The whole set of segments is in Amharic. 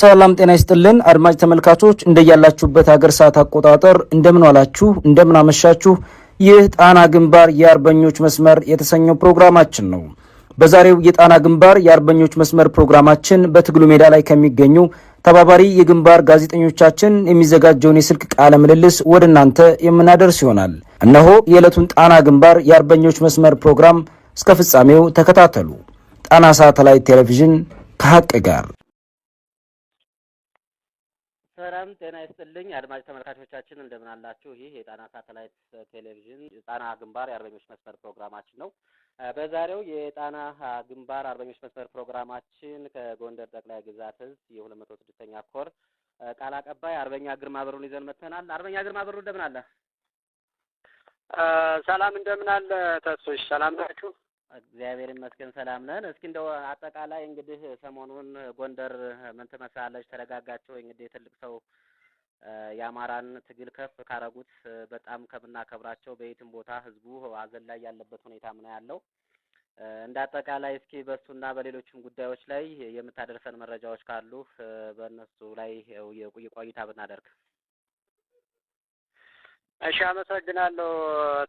ሰላም ጤና ይስጥልን አድማጭ ተመልካቾች፣ እንደያላችሁበት ሀገር ሰዓት አቆጣጠር እንደምን ዋላችሁ፣ እንደምን አመሻችሁ። ይህ ጣና ግንባር የአርበኞች መስመር የተሰኘው ፕሮግራማችን ነው። በዛሬው የጣና ግንባር የአርበኞች መስመር ፕሮግራማችን በትግሉ ሜዳ ላይ ከሚገኙ ተባባሪ የግንባር ጋዜጠኞቻችን የሚዘጋጀውን የስልክ ቃለ ምልልስ ወደ እናንተ የምናደርስ ይሆናል። እነሆ የዕለቱን ጣና ግንባር የአርበኞች መስመር ፕሮግራም እስከ ፍጻሜው ተከታተሉ። ጣና ሳተላይት ቴሌቪዥን ከሀቅ ጋር ጤና ይስጥልኝ አድማጭ ተመልካቾቻችን እንደምን አላችሁ? ይህ የጣና ሳተላይት ቴሌቪዥን የጣና ግንባር የአርበኞች መስመር ፕሮግራማችን ነው። በዛሬው የጣና ግንባር አርበኞች መስመር ፕሮግራማችን ከጎንደር ጠቅላይ ግዛት እዝ የሁለት መቶ ስድስተኛ ኮር ቃል አቀባይ አርበኛ ግርማ ብሩን ይዘን መጥተናል። አርበኛ ግርማ ብሩ እንደምን አለ? ሰላም እንደምን አለ ተሶች፣ ሰላም ናችሁ? እግዚአብሔር ይመስገን ሰላም ነን። እስኪ እንደው አጠቃላይ እንግዲህ ሰሞኑን ጎንደር ምን ትመስላለች? ተረጋጋቸው እንግዲህ ትልቅ ሰው የአማራን ትግል ከፍ ካረጉት በጣም ከምናከብራቸው በየትም ቦታ ህዝቡ አዘን ላይ ያለበት ሁኔታ ምን ያለው። እንደ አጠቃላይ እስኪ በእሱና በሌሎችም ጉዳዮች ላይ የምታደርሰን መረጃዎች ካሉ በእነሱ ላይ የቆይታ ብናደርግ። እሺ፣ አመሰግናለሁ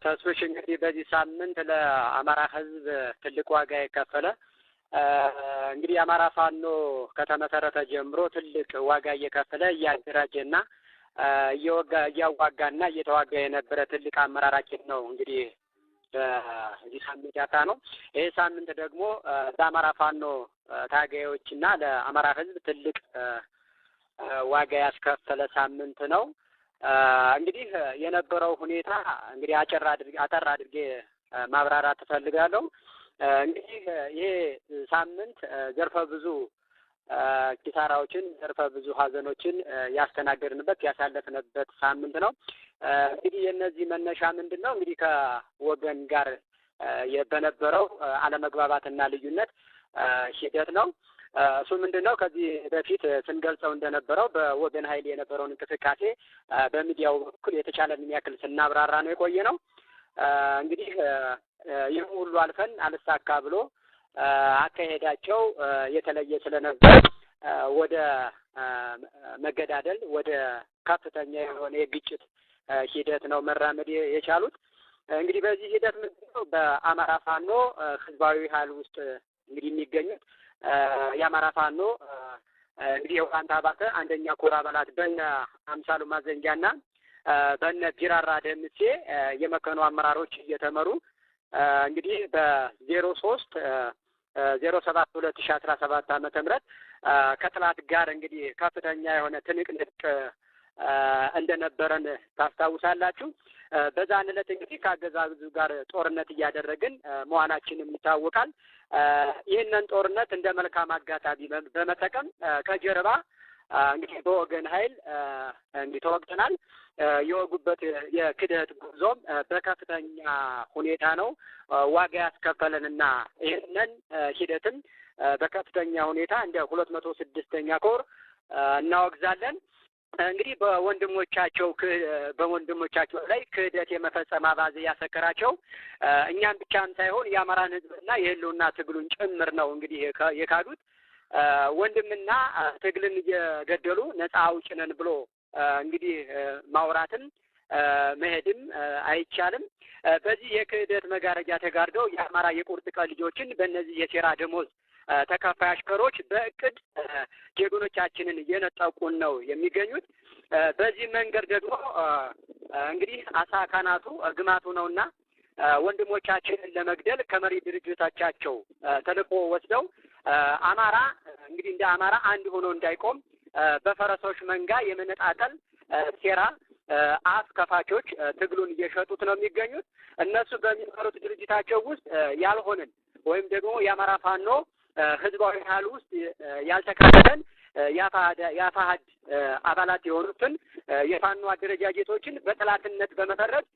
ተስፍሽ። እንግዲህ በዚህ ሳምንት ለአማራ ህዝብ ትልቅ ዋጋ የከፈለ እንግዲህ የአማራ ፋኖ ከተመሰረተ ጀምሮ ትልቅ ዋጋ እየከፈለ እያደራጀ ና። እያዋጋና እየተዋጋ የነበረ ትልቅ አመራራችን ነው እንግዲህ በዚህ ሳምንት ያጣ ነው። ይህ ሳምንት ደግሞ ለአማራ ፋኖ ታጋዮች እና ለአማራ ሕዝብ ትልቅ ዋጋ ያስከፈለ ሳምንት ነው። እንግዲህ የነበረው ሁኔታ እንግዲህ አጨር አድርጌ አጠር አድርጌ ማብራራት እፈልጋለሁ። እንግዲህ ይሄ ሳምንት ዘርፈ ብዙ ኪሳራዎችን፣ ዘርፈ ብዙ ሀዘኖችን ያስተናገድንበት ያሳለፍንበት ሳምንት ነው። እንግዲህ የእነዚህ መነሻ ምንድን ነው? እንግዲህ ከወገን ጋር በነበረው አለመግባባትና ልዩነት ሂደት ነው። እሱ ምንድን ነው? ከዚህ በፊት ስንገልጸው እንደነበረው በወገን ኃይል የነበረውን እንቅስቃሴ በሚዲያው በኩል የተቻለን ያክል ስናብራራ ነው የቆየ ነው። እንግዲህ ይህም ሁሉ አልፈን አልሳካ ብሎ አካሄዳቸው የተለየ ስለነበር ወደ መገዳደል ወደ ከፍተኛ የሆነ የግጭት ሂደት ነው መራመድ የቻሉት። እንግዲህ በዚህ ሂደት ምንድን ነው በአማራ ፋኖ ህዝባዊ ኃይል ውስጥ እንግዲህ የሚገኙት የአማራ ፋኖ እንግዲህ የውቃንታ አባተ አንደኛ ኮር አባላት በነ አምሳሉ ማዘንጊያና በነ ቢራራ ደምሴ የመከኑ አመራሮች እየተመሩ እንግዲህ በዜሮ ሶስት ዜሮ ሰባት ሁለት ሺ አስራ ሰባት አመተ ምህረት ከጥላት ጋር እንግዲህ ከፍተኛ የሆነ ትንቅንቅ እንደነበረን ታስታውሳላችሁ። በዛን ዕለት እንግዲህ ከአገዛዙ ጋር ጦርነት እያደረግን መዋናችንም ይታወቃል። ይህንን ጦርነት እንደ መልካም አጋጣሚ በመጠቀም ከጀርባ እንግዲህ በወገን ኃይል እንግዲህ ተወቅተናል። የወጉበት የክደት ጉዞም በከፍተኛ ሁኔታ ነው ዋጋ ያስከፈለንና ይህንን ሂደትም በከፍተኛ ሁኔታ እንደ ሁለት መቶ ስድስተኛ ኮር እናወግዛለን። እንግዲህ በወንድሞቻቸው በወንድሞቻቸው ላይ ክህደት የመፈጸም አባዜ ያሰከራቸው እኛም ብቻም ሳይሆን የአማራን ሕዝብና የህልውና ትግሉን ጭምር ነው እንግዲህ የካዱት ወንድምና ትግልን እየገደሉ ነፃ አውጭ ነን ብሎ እንግዲህ ማውራትም መሄድም አይቻልም። በዚህ የክህደት መጋረጃ ተጋርደው የአማራ የቁርጥ ቀን ልጆችን በእነዚህ የሴራ ደሞዝ ተከፋይ አሽከሮች በእቅድ ጀግኖቻችንን እየነጠቁን ነው የሚገኙት። በዚህ መንገድ ደግሞ እንግዲህ አሳ ካናቱ ግማቱ ነውና ወንድሞቻችንን ለመግደል ከመሪ ድርጅቶቻቸው ተልዕኮ ወስደው አማራ እንግዲህ እንደ አማራ አንድ ሆኖ እንዳይቆም በፈረሶች መንጋ የመነጣጠል ሴራ አስከፋቾች ትግሉን እየሸጡት ነው የሚገኙት። እነሱ በሚመሩት ድርጅታቸው ውስጥ ያልሆንን ወይም ደግሞ የአማራ ፋኖ ህዝባዊ ኃይል ውስጥ ያልተካተለን የአፋሀድ አባላት የሆኑትን የፋኖ አደረጃጀቶችን በጠላትነት በመፈረጅ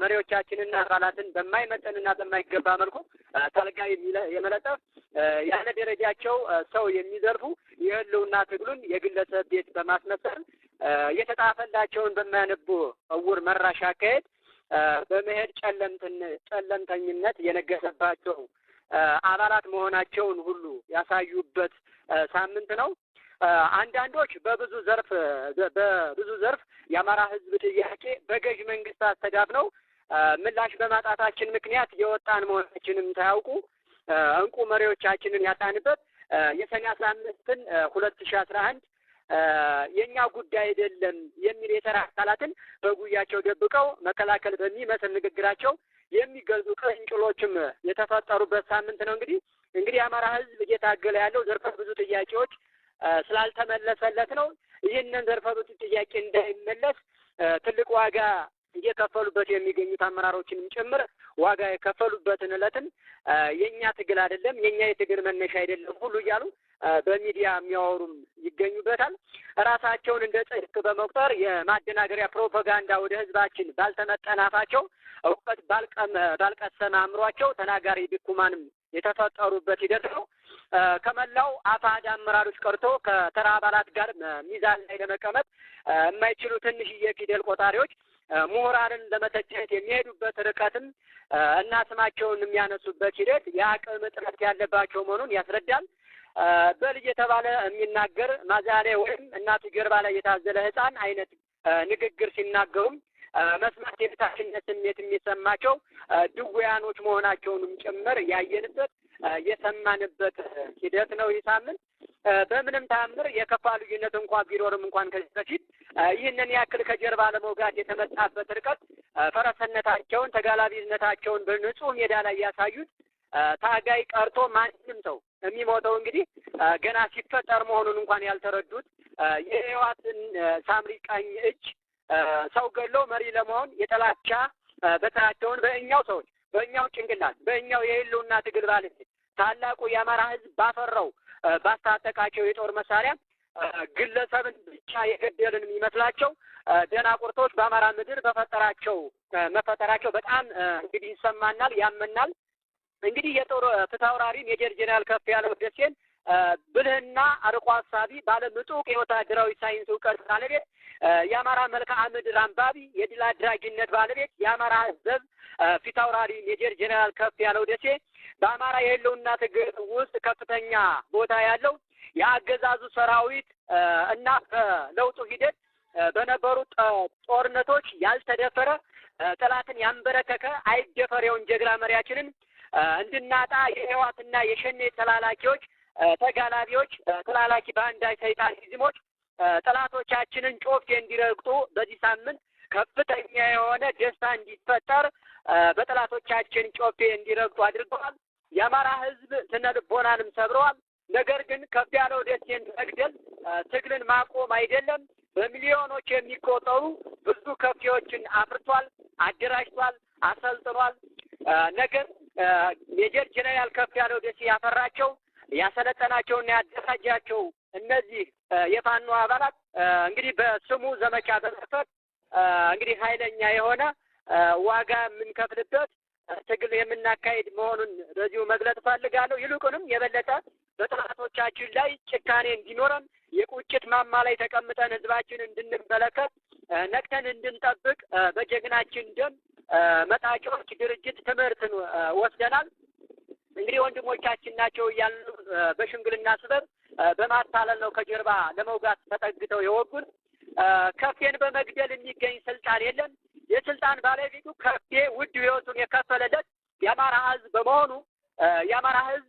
መሪዎቻችንና አባላትን በማይመጠንና በማይገባ መልኩ ታልጋ የመለጠፍ ያለ ደረጃቸው ሰው የሚዘርፉ የህል የሕልውና ትግሉን የግለሰብ ቤት በማስመሰል የተጣፈላቸውን በማያነቡ እውር መራሽ አካሄድ በመሄድ ጨለምተኝነት የነገሰባቸው አባላት መሆናቸውን ሁሉ ያሳዩበት ሳምንት ነው። አንዳንዶች በብዙ ዘርፍ በብዙ ዘርፍ የአማራ ህዝብ ጥያቄ በገዥ መንግስት ነው ምላሽ በማጣታችን ምክንያት የወጣን መሆናችንም ታያውቁ እንቁ መሪዎቻችንን ያጣንበት የሰኔ አስራ አምስትን ሁለት ሺህ አስራ አንድ የእኛ ጉዳይ አይደለም የሚል የተራ አካላትን በጉያቸው ደብቀው መከላከል በሚመስል ንግግራቸው የሚገልጹ ቅንጭሎችም የተፈጠሩበት ሳምንት ነው። እንግዲህ እንግዲህ የአማራ ህዝብ እየታገለ ያለው ዘርፈ ብዙ ጥያቄዎች ስላልተመለሰለት ነው። ይህንን ዘርፈ ብዙ ጥያቄ እንዳይመለስ ትልቅ ዋጋ እየከፈሉበት የሚገኙት አመራሮችንም ጭምር ዋጋ የከፈሉበትን እለትን የእኛ ትግል አይደለም፣ የእኛ የትግል መነሻ አይደለም ሁሉ እያሉ በሚዲያ የሚያወሩም ይገኙበታል። ራሳቸውን እንደ ጽድቅ በመቁጠር የማደናገሪያ ፕሮፓጋንዳ ወደ ህዝባችን ባልተመጠናፋቸው እውቀት ባልቀሰመ አእምሯቸው ተናጋሪ ቢኩማንም የተፈጠሩበት ሂደት ነው። ከመላው አፋድ አመራሮች ቀርቶ ከተራ አባላት ጋር ሚዛን ላይ ለመቀመጥ የማይችሉ ትንሽዬ ፊደል ቆጣሪዎች ምሁራንን ለመተቸት የሚሄዱበት ርቀትም እና ስማቸውን የሚያነሱበት ሂደት የአቅም ጥረት ያለባቸው መሆኑን ያስረዳል። በልጅ የተባለ የሚናገር ማዛሬ ወይም እናቱ ጀርባ ላይ የታዘለ ህፃን አይነት ንግግር ሲናገሩም መስማት የበታችነት ስሜት የሚሰማቸው ድውያኖች መሆናቸውንም ጭምር ያየንበት የተማንበት ሂደት ነው። ይህ ሳምንት በምንም ታምር የከፋ ልዩነት እንኳ ቢኖርም እንኳን ከዚህ በፊት ይህንን ያክል ከጀርባ ለመውጋት የተመጣበት ርቀት ፈረሰነታቸውን ተጋላቢነታቸውን በንጹህ ሜዳ ላይ ያሳዩት ታጋይ ቀርቶ ማንም ሰው የሚሞተው እንግዲህ ገና ሲፈጠር መሆኑን እንኳን ያልተረዱት የህዋትን ሳምሪ ቀኝ እጅ ሰው ገሎ መሪ ለመሆን የጠላቻ በተራቸውን በእኛው ሰዎች በእኛው ጭንቅላት በእኛው የህልውና ትግል ባለቤት ታላቁ የአማራ ህዝብ ባፈራው ባስታጠቃቸው የጦር መሳሪያ ግለሰብን ብቻ የገደልን የሚመስላቸው ደናቁርቶች በአማራ ምድር በፈጠራቸው መፈጠራቸው በጣም እንግዲህ ይሰማናል፣ ያመናል። እንግዲህ የጦር ፊት ሜጀር ጄኔራል ከፍ ያለው ደሴን ብልህና አርቆ ሀሳቢ ባለምጡቅ የወታደራዊ ሳይንስ እውቀት ባለቤት የአማራ መልክዓ ምድር አንባቢ፣ የድል አድራጊነት ባለቤት፣ የአማራ ሕዝብ ፊት አውራሪ ሜጀር ጄኔራል ከፍ ያለው ደሴ በአማራ የህልውና ትግል ውስጥ ከፍተኛ ቦታ ያለው የአገዛዙ ሰራዊት እና በለውጡ ሂደት በነበሩ ጦርነቶች ያልተደፈረ ጠላትን ያንበረከከ አይደፈሬውን ጀግና መሪያችንን እንድናጣ የህዋትና የሸኔ ተላላኪዎች ተጋላቢዎች ተላላኪ በአንዳይ ሰይጣን ሂዝሞች ጠላቶቻችንን ጮፍ እንዲረግጡ በዚህ ሳምንት ከፍተኛ የሆነ ደስታ እንዲፈጠር በጠላቶቻችን ጮፌ እንዲረግጡ አድርገዋል። የአማራ ህዝብ ስነ ልቦናንም ሰብረዋል። ነገር ግን ከፍ ያለው ደሴን መግደል ትግልን ማቆም አይደለም። በሚሊዮኖች የሚቆጠሩ ብዙ ከፍቴዎችን አፍርቷል፣ አደራጅቷል፣ አሰልጥኗል። ነገር ሜጀር ጀነራል ከፍ ያለው ደሴ ያፈራቸው ያሰለጠናቸውና ያደራጃቸው እነዚህ የፋኖ አባላት እንግዲህ በስሙ ዘመቻ በመክፈት እንግዲህ ኃይለኛ የሆነ ዋጋ የምንከፍልበት ትግል የምናካሄድ መሆኑን በዚሁ መግለጽ ፈልጋለሁ። ይልቁንም የበለጠ በጥላቶቻችን ላይ ጭካኔ እንዲኖረን የቁጭት ማማ ላይ ተቀምጠን ህዝባችን እንድንመለከት ነቅተን እንድንጠብቅ በጀግናችን ደም መጣቂዎች ድርጅት ትምህርትን ወስደናል። እንግዲህ ወንድሞቻችን ናቸው እያሉ በሽምግልና ስበብ በማታለል ነው ከጀርባ ለመውጋት ተጠግተው የወጉን። ከፌን በመግደል የሚገኝ ስልጣን የለም። የስልጣን ባለቤቱ ከፌ ውድ ሕይወቱን የከፈለለት የአማራ ህዝብ በመሆኑ የአማራ ህዝብ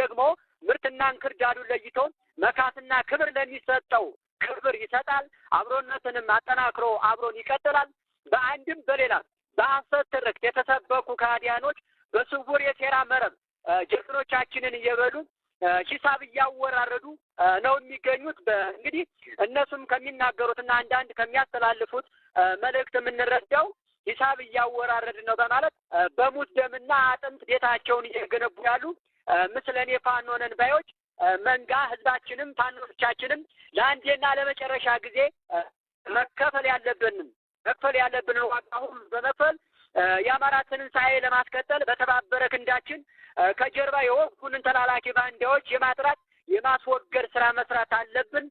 ደግሞ ምርትና እንክርዳዱን ለይቶ መካትና ክብር ለሚሰጠው ክብር ይሰጣል። አብሮነትንም አጠናክሮ አብሮን ይቀጥላል። በአንድም በሌላ በሐሰት ትርክት የተሰበኩ ከሃዲያኖች በስውር የሴራ መረብ ጀግኖቻችንን እየበሉ ሂሳብ እያወራረዱ ነው የሚገኙት። እንግዲህ እነሱም ከሚናገሩትና አንዳንድ ከሚያስተላልፉት መልእክት የምንረዳው ሂሳብ እያወራረድ ነው በማለት በሙት ደምና አጥንት ቤታቸውን እየገነቡ ያሉ ምስለ እኔ ፋኖ ነን ባዮች መንጋ ህዝባችንም ፋኖቻችንም ለአንዴና ለመጨረሻ ጊዜ መከፈል ያለብንም መክፈል ያለብንን ዋጋ ሁሉ በመክፈል የአማራ ትንሣኤ ለማስቀጠል በተባበረ ክንዳችን ከጀርባ የወጉንን ተላላኪ ባንዳዎች የማጥራት የማስወገድ ስራ መስራት አለብን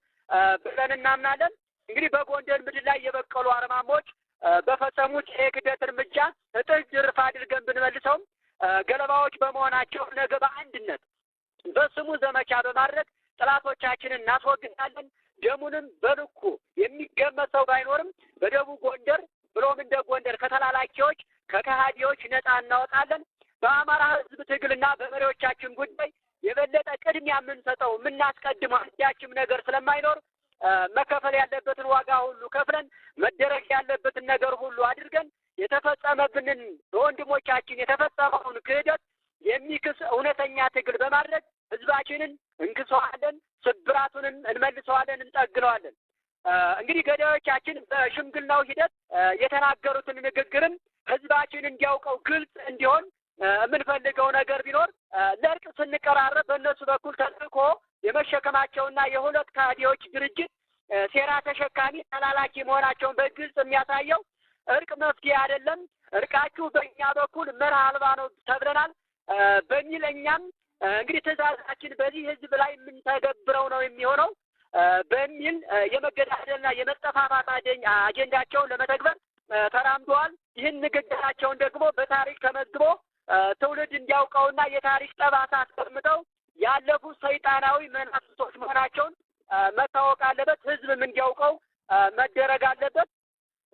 ብለን እናምናለን። እንግዲህ በጎንደር ምድር ላይ የበቀሉ አርማሞች በፈጸሙት የክደት እርምጃ እጥፍ ድርፍ አድርገን ብንመልሰውም ገለባዎች በመሆናቸው ነገ በአንድነት በስሙ ዘመቻ በማድረግ ጠላቶቻችንን እናስወግዳለን። ደሙንም በልኩ የሚገመት ሰው ባይኖርም በደቡብ ጎንደር ብሎም እንደ ጎንደር ከተላላኪዎች ከከሃዲዎች ነፃ እናወጣለን። በአማራ ህዝብ ትግልና በመሪዎቻችን ጉዳይ የበለጠ ቅድሚያ የምንሰጠው የምናስቀድመው አንዳችም ነገር ስለማይኖር መከፈል ያለበትን ዋጋ ሁሉ ከፍለን መደረግ ያለበትን ነገር ሁሉ አድርገን የተፈጸመብንን በወንድሞቻችን የተፈጸመውን ክህደት የሚክስ እውነተኛ ትግል በማድረግ ህዝባችንን እንክሰዋለን፣ ስብራቱንም እንመልሰዋለን፣ እንጠግነዋለን። እንግዲህ ገዳዮቻችን በሽምግልናው ሂደት የተናገሩትን ንግግርም ህዝባችን እንዲያውቀው ግልጽ እንዲሆን የምንፈልገው ነገር ቢኖር ለእርቅ ስንቀራረብ በእነሱ በኩል ተልኮ የመሸከማቸውና የሁለት ካዲዎች ድርጅት ሴራ ተሸካሚ ተላላኪ መሆናቸውን በግልጽ የሚያሳየው እርቅ መፍትሄ አይደለም። እርቃችሁ በእኛ በኩል መርህ አልባ ነው ተብለናል በሚል እኛም እንግዲህ ትዕዛዛችን በዚህ ህዝብ ላይ የምንተገብረው ነው የሚሆነው በሚል የመገዳደልና የመጠፋፋት አጀንዳቸውን ለመተግበር ተራምደዋል። ይህን ንግግራቸውን ደግሞ በታሪክ ተመዝግቦ ትውልድ እንዲያውቀውና የታሪክ ጠባሳ አስቀምጠው ያለፉ ሰይጣናዊ መናፍስቶች መሆናቸውን መታወቅ አለበት። ህዝብም እንዲያውቀው መደረግ አለበት።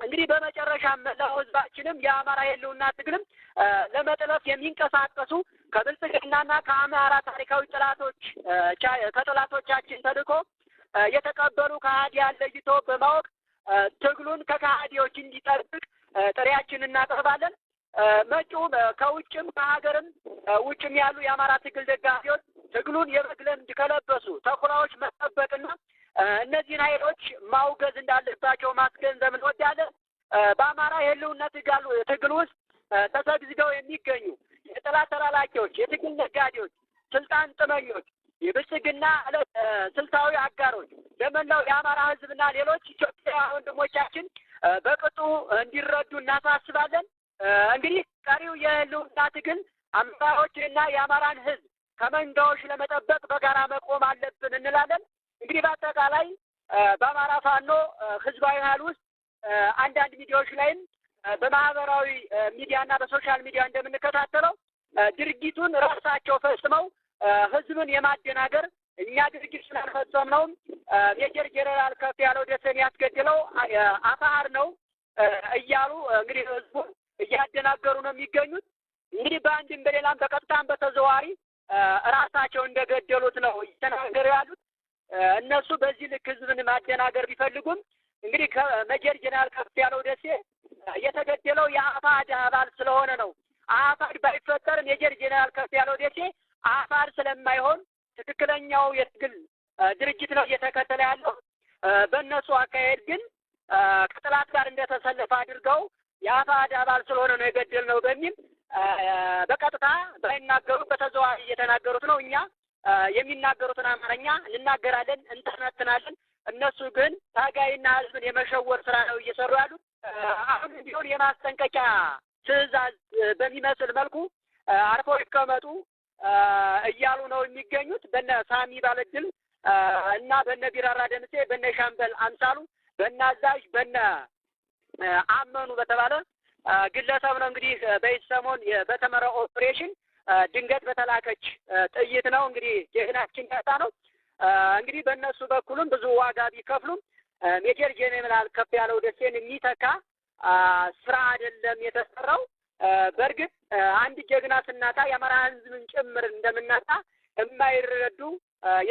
እንግዲህ በመጨረሻ መላው ህዝባችንም የአማራ የህልውና ትግልም ለመጥለፍ የሚንቀሳቀሱ ከብልጽግናና ከአማራ ታሪካዊ ጥላቶች ከጥላቶቻችን ተልእኮ የተቀበሉ ከሀዲያን ለይቶ በማወቅ ትግሉን ከከሀዲዎች እንዲጠብቅ ጥሪያችን እናቀርባለን። መጪው ከውጭም ከሀገርም ውጭም ያሉ የአማራ ትግል ደጋፊዎች ትግሉን የበግ ለምድ ከለበሱ ተኩላዎች መጠበቅና እነዚህን ኃይሎች ማውገዝ እንዳለባቸው ማስገንዘብ እንወዳለን። በአማራ የህልውና ትግል ውስጥ ተሰግዝገው የሚገኙ የጠላት ተላላኪዎች፣ የትግል ነጋዴዎች፣ ስልጣን ጥመኞች፣ የብልጽግና ስልታዊ አጋሮች ለመላው የአማራ ህዝብና ሌሎች ኢትዮጵያ ወንድሞቻችን በቅጡ እንዲረዱ እናሳስባለን። እንግዲህ ቀሪው የህልውና ትግል አመራሮችንና የአማራን ህዝብ ከመንጋዎች ለመጠበቅ በጋራ መቆም አለብን እንላለን። እንግዲህ በአጠቃላይ በአማራ ፋኖ ህዝባዊ ሀይል ውስጥ አንዳንድ ሚዲያዎች ላይም በማህበራዊ ሚዲያና በሶሻል ሚዲያ እንደምንከታተለው ድርጊቱን ራሳቸው ፈጽመው ህዝብን የማደናገር እኛ ድርጊት ስላልፈጸምነውም ሜጀር ጄኔራል ከፍ ያለው ደሰን ያስገድለው አፋሀር ነው እያሉ እንግዲህ ህዝቡን እያደናገሩ ነው የሚገኙት። እንግዲህ በአንድም በሌላም በቀጥታም በተዘዋዋሪ ራሳቸው እንደገደሉት ነው እየተናገሩ ያሉት። እነሱ በዚህ ልክ ህዝብን ማደናገር ቢፈልጉም እንግዲህ ከመጀር ጀነራል ያለው ደሴ የተገደለው የአፋድ አባል ስለሆነ ነው። አፋድ ባይፈጠር ሜጀር ጀነራል ያለው ደሴ አፋድ ስለማይሆን ትክክለኛው የትግል ድርጅት ነው እየተከተለ ያለው። በእነሱ አካሄድ ግን ከጥላት ጋር እንደተሰለፈ አድርገው የአፋሕድ አባል ስለሆነ ነው የገደልነው በሚል በቀጥታ ባይናገሩ በተዘዋዋሪ እየተናገሩት ነው። እኛ የሚናገሩትን አማርኛ እንናገራለን፣ እንተነትናለን። እነሱ ግን ታጋይና ህዝብን የመሸወር ስራ ነው እየሰሩ ያሉት። አሁን ቢሆን የማስጠንቀቂያ ትዕዛዝ በሚመስል መልኩ አርፈው ይቀመጡ እያሉ ነው የሚገኙት። በነ ሳሚ ባለድል እና በነ ቢራራ ደምሴ፣ በነ ሻምበል አምሳሉ፣ በነ አዛዥ፣ በነ አመኑ በተባለ ግለሰብ ነው። እንግዲህ በዚህ ሰሞን በተመረ ኦፕሬሽን ድንገት በተላከች ጥይት ነው እንግዲህ ጀግናችን ያጣ ነው። እንግዲህ በእነሱ በኩልም ብዙ ዋጋ ቢከፍሉም ሜጀር ጄኔራል ከፍ ያለው ደሴን የሚተካ ስራ አይደለም የተሰራው። በእርግጥ አንድ ጀግና ስናታ የአማራ ሕዝብን ጭምር እንደምናታ የማይረዱ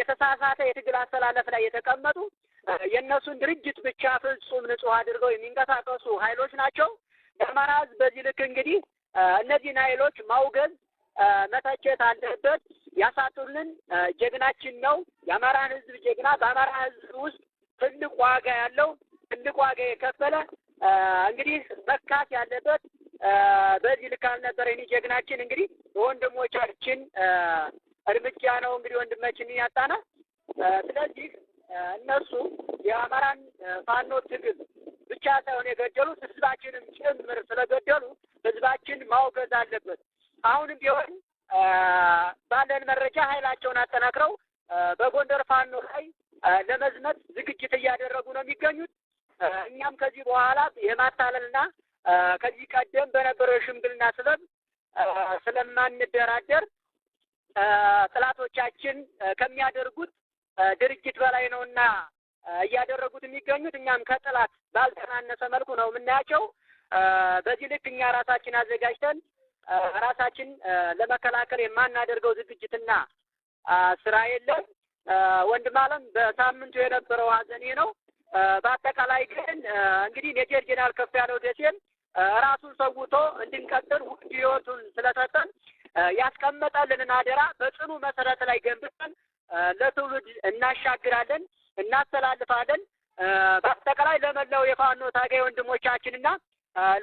የተሳሳተ የትግል አስተላለፍ ላይ የተቀመጡ የእነሱን ድርጅት ብቻ ፍጹም ንጹህ አድርገው የሚንቀሳቀሱ ኃይሎች ናቸው። የአማራ ህዝብ በዚህ ልክ እንግዲህ እነዚህን ኃይሎች ማውገዝ መተቸት አለበት። ያሳቱልን ጀግናችን ነው። የአማራን ህዝብ ጀግና፣ በአማራ ህዝብ ውስጥ ትልቅ ዋጋ ያለው ትልቅ ዋጋ የከፈለ እንግዲህ መካት ያለበት በዚህ ልክ አልነበረ። ይህ ጀግናችን እንግዲህ በወንድሞቻችን እርምጃ ነው እንግዲህ ወንድመችን ያጣና ስለዚህ እነርሱ የአማራን ፋኖ ትግል ብቻ ሳይሆን የገደሉት ህዝባችንም ጭምር ስለገደሉ ህዝባችን ማውገዝ አለበት። አሁንም ቢሆን ባለን መረጃ ኃይላቸውን አጠናክረው በጎንደር ፋኖ ላይ ለመዝመት ዝግጅት እያደረጉ ነው የሚገኙት። እኛም ከዚህ በኋላ የማታለልና ከዚህ ቀደም በነበረው የሽምግልና ስበብ ስለማንደራደር ጥላቶቻችን ከሚያደርጉት ድርጅት በላይ ነውና እያደረጉት የሚገኙት እኛም ከጥላት ባልተናነሰ መልኩ ነው የምናያቸው። በዚህ ልክ እኛ ራሳችን አዘጋጅተን ራሳችን ለመከላከል የማናደርገው ዝግጅትና ስራ የለም። ወንድም አለም በሳምንቱ የነበረው ሀዘኔ ነው። በአጠቃላይ ግን እንግዲህ ሜጀር ጄኔራል ያለው ደሴን ራሱን ሰውቶ እንድንቀጥል ውድ ህይወቱን ስለሰጠን ያስቀመጠልንን አደራ በጽኑ መሰረት ላይ ገንብተን ለትውልድ እናሻግራለን፣ እናስተላልፋለን። በአጠቃላይ ለመላው የፋኖ ታጋይ ወንድሞቻችንና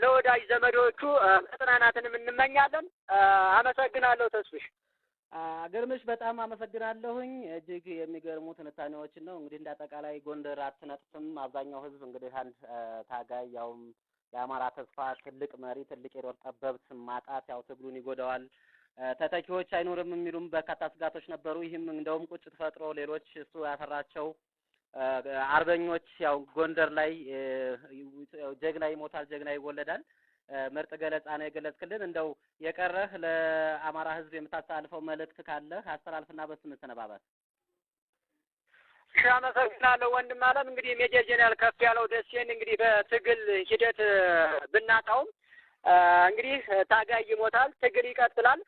ለወዳጅ ዘመዶቹ መጽናናትን እንመኛለን። አመሰግናለሁ። ተስፍሽ ግርምሽ በጣም አመሰግናለሁኝ። እጅግ የሚገርሙ ትንታኔዎችን ነው እንግዲህ እንደ አጠቃላይ ጎንደር አትነጥፍም። አብዛኛው ህዝብ እንግዲህ አንድ ታጋይ ያውም የአማራ ተስፋ ትልቅ መሪ፣ ትልቅ የዶር ጠበብት ማጣት ያው ትግሉን ይጎዳዋል። ተተኪዎች አይኖርም የሚሉም በርካታ ስጋቶች ነበሩ። ይህም እንደውም ቁጭት ፈጥሮ ሌሎች እሱ ያፈራቸው አርበኞች ያው ጎንደር ላይ ጀግና ይሞታል፣ ጀግና ይወለዳል ምርጥ ገለጻ ነው የገለጽክልን። እንደው የቀረህ ለአማራ ህዝብ የምታስተላልፈው መልእክት ካለህ አስተላልፍና በስም እንሰነባበት። አመሰግናለሁ ወንድም አለም። እንግዲህ ሜጀር ጄኔራል ከፍ ያለው ደሴን እንግዲህ በትግል ሂደት ብናጣውም እንግዲህ ታጋይ ይሞታል፣ ትግል ይቀጥላል።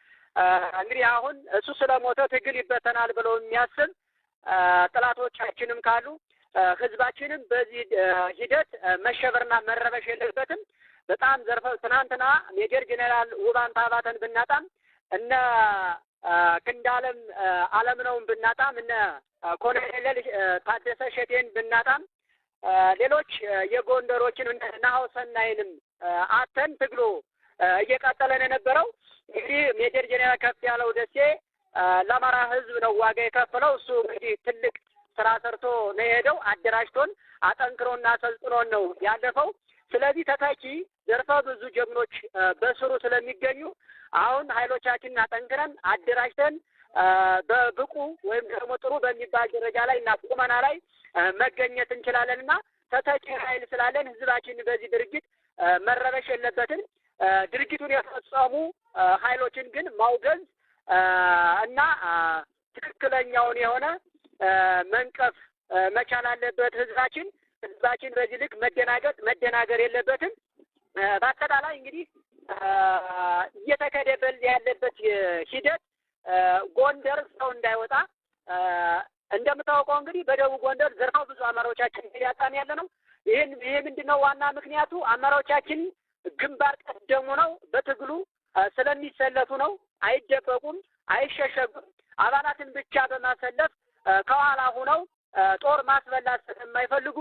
እንግዲህ አሁን እሱ ስለሞተ ትግል ይበተናል ብለው የሚያስብ ጥላቶቻችንም ካሉ ህዝባችንም በዚህ ሂደት መሸበርና መረበሽ የለበትም። በጣም ዘርፈ ትናንትና ሜጀር ጄኔራል ውባንታ አባተን ብናጣም እነ ክንዳለም አለምነውን ብናጣም እነ ኮሎኔል ታደሰ ሸቴን ብናጣም ሌሎች የጎንደሮችን እነ ናሆሰናይንም አተን ትግሎ እየቀጠለን የነበረው እንግዲህ ሜጀር ጄኔራል ያለው ደሴ ለአማራ ህዝብ ነው ዋጋ የከፈለው። እሱ እንግዲህ ትልቅ ስራ ሰርቶ ነው የሄደው። አደራጅቶን አጠንክሮና ሰልጥኖን ነው ያለፈው። ስለዚህ ተተኪ ዘርፈ ብዙ ጀግኖች በስሩ ስለሚገኙ አሁን ኃይሎቻችንን አጠንክረን አደራጅተን በብቁ ወይም ደግሞ ጥሩ በሚባል ደረጃ ላይ እና ቁመና ላይ መገኘት እንችላለን እና ተተኪ ኃይል ስላለን ህዝባችን በዚህ ድርጅት መረበሽ የለበትም። ድርጊቱን የፈጸሙ ኃይሎችን ግን ማውገዝ እና ትክክለኛውን የሆነ መንቀፍ መቻል አለበት ህዝባችን። ህዝባችን በዚህ ልክ መደናገጥ መደናገር የለበትም። በአጠቃላይ እንግዲህ እየተከደበል ያለበት ሂደት ጎንደር ሰው እንዳይወጣ እንደምታውቀው እንግዲህ በደቡብ ጎንደር ዘርፈው ብዙ አማራዎቻችን እያጣን ያለ ነው። ይህን ይህ ምንድን ነው ዋና ምክንያቱ አማራዎቻችን ግንባር ቀደሙ ነው። በትግሉ ስለሚሰለፉ ነው። አይደበቁም፣ አይሸሸጉም። አባላትን ብቻ በማሰለፍ ከኋላ ሁነው ጦር ማስበላት ስለማይፈልጉ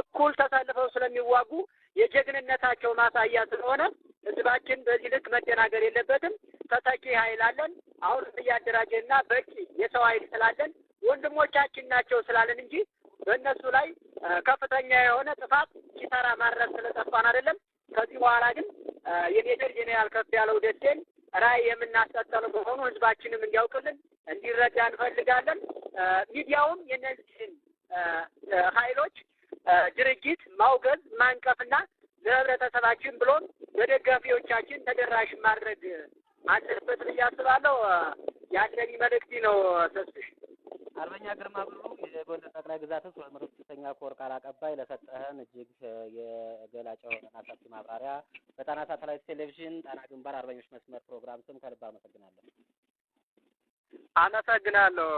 እኩል ተሰልፈው ስለሚዋጉ የጀግንነታቸው ማሳያ ስለሆነ ህዝባችን በዚህ ልክ መደናገር የለበትም። ተተኪ ኃይል አለን። አሁንም እያደራጀንና በቂ የሰው ኃይል ስላለን ወንድሞቻችን ናቸው ስላለን እንጂ በእነሱ ላይ ከፍተኛ የሆነ ጥፋት ሲሰራ ማድረግ ስለጠፋን አይደለም። ከዚህ በኋላ ግን የሜጀር ጄኔራል ከፍ ያለው ደሴን ራይ የምናስቀጥለው መሆኑ ህዝባችንም እንዲያውቅልን እንዲረዳ እንፈልጋለን። ሚዲያውም የነዚህን ኃይሎች ድርጊት ማውገዝ ማንቀፍና ለህብረተሰባችን ብሎም ለደጋፊዎቻችን ተደራሽ ማድረግ አለበት ብዬ አስባለሁ። ያለኝ ነው። ሰስሽ አርበኛ ግርማ ብሩ የጎንደር ጠቅላይ ግዛት እዝ ሁለት መቶ ኮር ቃል አቀባይ ለሰጠህን እጅግ የገላጭ የሆነና ሰፊ ማብራሪያ በጣና ሳተላይት ቴሌቪዥን ጣና ግንባር አርበኞች መስመር ፕሮግራም ስም ከልብ አመሰግናለሁ። አመሰግናለሁ።